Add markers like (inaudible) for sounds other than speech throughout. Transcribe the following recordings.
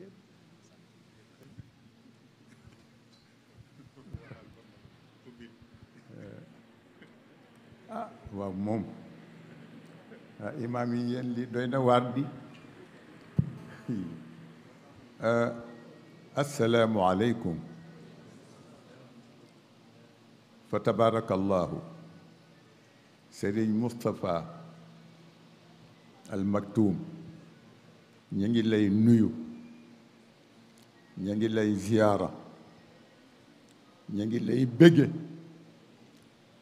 (laughs) ah waaw moom ah, li doy na waar di asalaamualeykum (laughs) ah, fa tabarakallahu Serigne Moustapha Al Maktoum ñu ngi lay nuyu ña ngi lay ziyaara ña ngi lay bëgge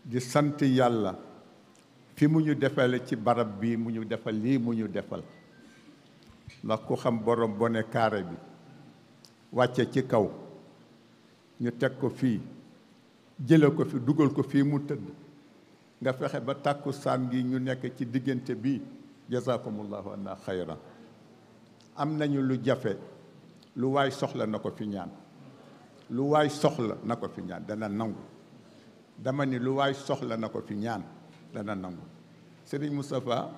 di sant yàlla fi mu ñu defale ci barab bi mu ñu defal lii mu ñu defal ndax ku xam borom bone kaare bi wàcce ci kaw ñu teg ko fii jële ko fi dugal ko fii mu tëdd nga fexe ba tàkkusaan gi ñu nekk ci diggante bi jazakumullahu anna xayran am nañu lu jafe lu waay soxla na ko fi ñaan lu waay soxla na ko fi ñaan dana nangu dama ni lu waay soxla na ko fi ñaan dana nangu Serigne Moustapha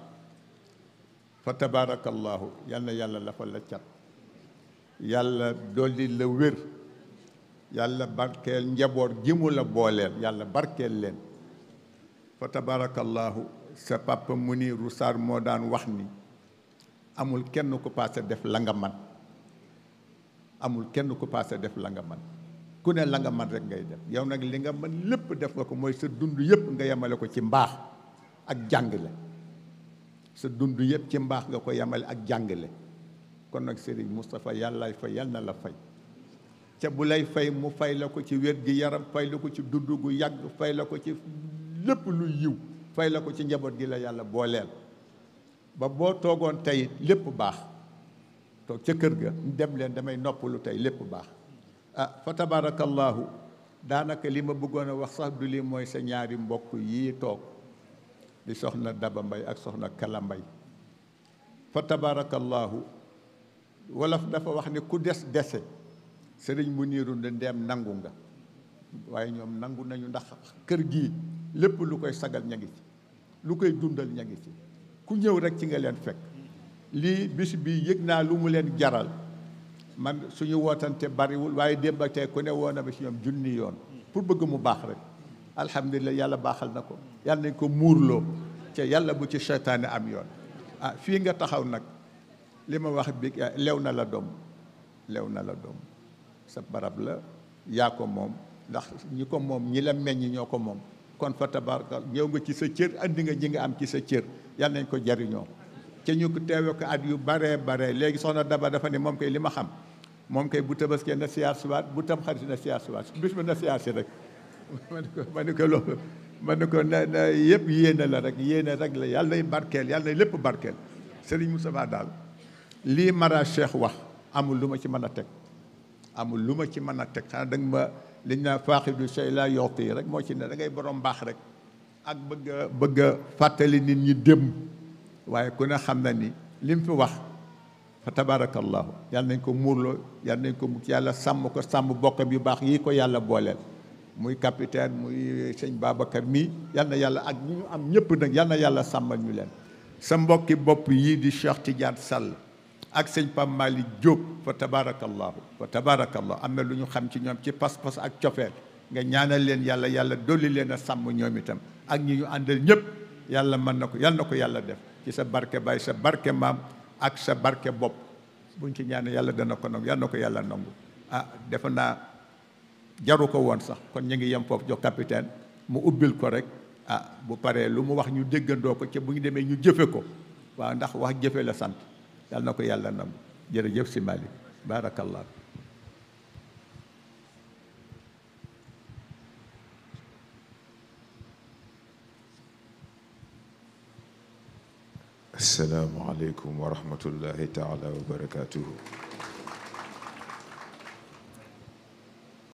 fa tabarakallahu yal na yàlla dafa la cat yàlla dolli la wér yàlla barkeel njaboot gi la booleel yàlla barkeel leen fa tabarakallahu sa papa Muniru Sarr moo daan wax ni amul kenn ko paase def la nga amul kenn ku paase def la nga man ku ne la nga man rek ngay def yow nag li nga man lépp def nga ko mooy sa dund yëpp nga yemale ko ci mbaax ak jàngale sa dund yëpp ci mbaax nga ko yemale ak jàngale kon nag Serigne Moustapha yàllaay fay yal na la fay ca bu lay fay mu fay la ko ci wér gi yaram fay la ko ci dund gu yàgg fay la ko ci lépp lu yiw fay la ko ci njaboot gi la yàlla booleel ba boo toogoon tey lépp baax toog ca kër ga dem leen damay noppalu tey lépp baax ah fa tabaarakallaahu daanaka li ma bëggoon wax sax du li mooy sa ñaari mbokk yii toog di soxna Daba Mbay ak soxna kalambay Mbay fa tabaarakallaahu wolof dafa wax ne ku des dese sëriñ mu niiru ndeem nangu nga waaye ñoom nangu nañu ndax kër gi lépp lu koy sagal ña ngi ci lu koy dundal ña ngi ci ku ñëw rek ci nga leen fekk lii bis bi yëg naa lu mu leen jaral man suñu wootante bariwul waaye démb ak tey ku ne woon na ba si ñoom junni yoon pour bëgg mu baax rek alhamdulilah yàlla baaxal na ko yàlla nañ ko muurloo ca yàlla bu ci seytaane am yoon a ah, fii nga taxaw nag li ma wax bi lew na la doom lew na la doom sa barab la yaa ko moom ndax ñi ko moom ñi la meññ ñoo ko moom kon fa tabarkal ñëw nga ci sa cër andi nga ji nga am ci sa cër yàlla nañ ko jariñoo ca ñu ko teewe ko at yu baree bare léegi soxna Daba dafa ne moom kay li ma xam moom kay bu tabaskee na siyaasiwaat bu tam xarit na siyaasiwaat bis ba na siyaasi rek (laughs) ma ne ko ma ne loolu ma ne ko na na yëpp yéene la rek yéene rek la yàlla nay barkeel yàlla nay lépp barkeel Serigne Moustapha daal lii Mara Cheikh wax amul lu ma ci mën a teg amul lu ma ci mën a teg xanaa da nga ma li ñu naan faaxidu shay laa yoxti rek moo ci ne da ngay borom baax rek ak bëgg bëgg fàttali nit ñi démb waaye ku ne xam na ni li mu fi wax fa tabaarakallaahu yàlla nañ ko muurloo yàlla nañ ko yàlla sàmm ko sàmm bokkam yu baax yi ko yàlla booleel muy capitaine muy sëñ Babacar mii yal na yàlla ak ñu am ñëpp nag yal yàlla sàmmal ñu leen sa mbokki bopp yii di Cheikh Tidiane Sall ak sëñ Pape Malick Diop fa tabaarakallaahu fa tabaarakallaahu am na lu ñu xam ci ñoom ci pas-pas ak cofeel nga ñaanal leen yàlla yàlla dolli leen a sàmm ñoom itam ak ñi ñu àndal ñëpp yàlla mën na ko yàlla na ko yàlla def ci sa barke baay sa barke maam ak sa barke bopp buñ ci ñaan yàlla dana ko nangu yàlla na ko yàlla nangu ah defanaa jaru ko woon sax kon ñu ngi yem foofu jox capitaine mu ubbil ko rek ah bu paree lu mu wax ñu déggandoo ko ca bu ñu demee ñu jëfe ko waaw ndax wax jëfe la sant yàlla na ko yàlla nangu jërëjëf si Malick barakallah asalaamualeykum wa rahmatullahi taala wa barakatuhu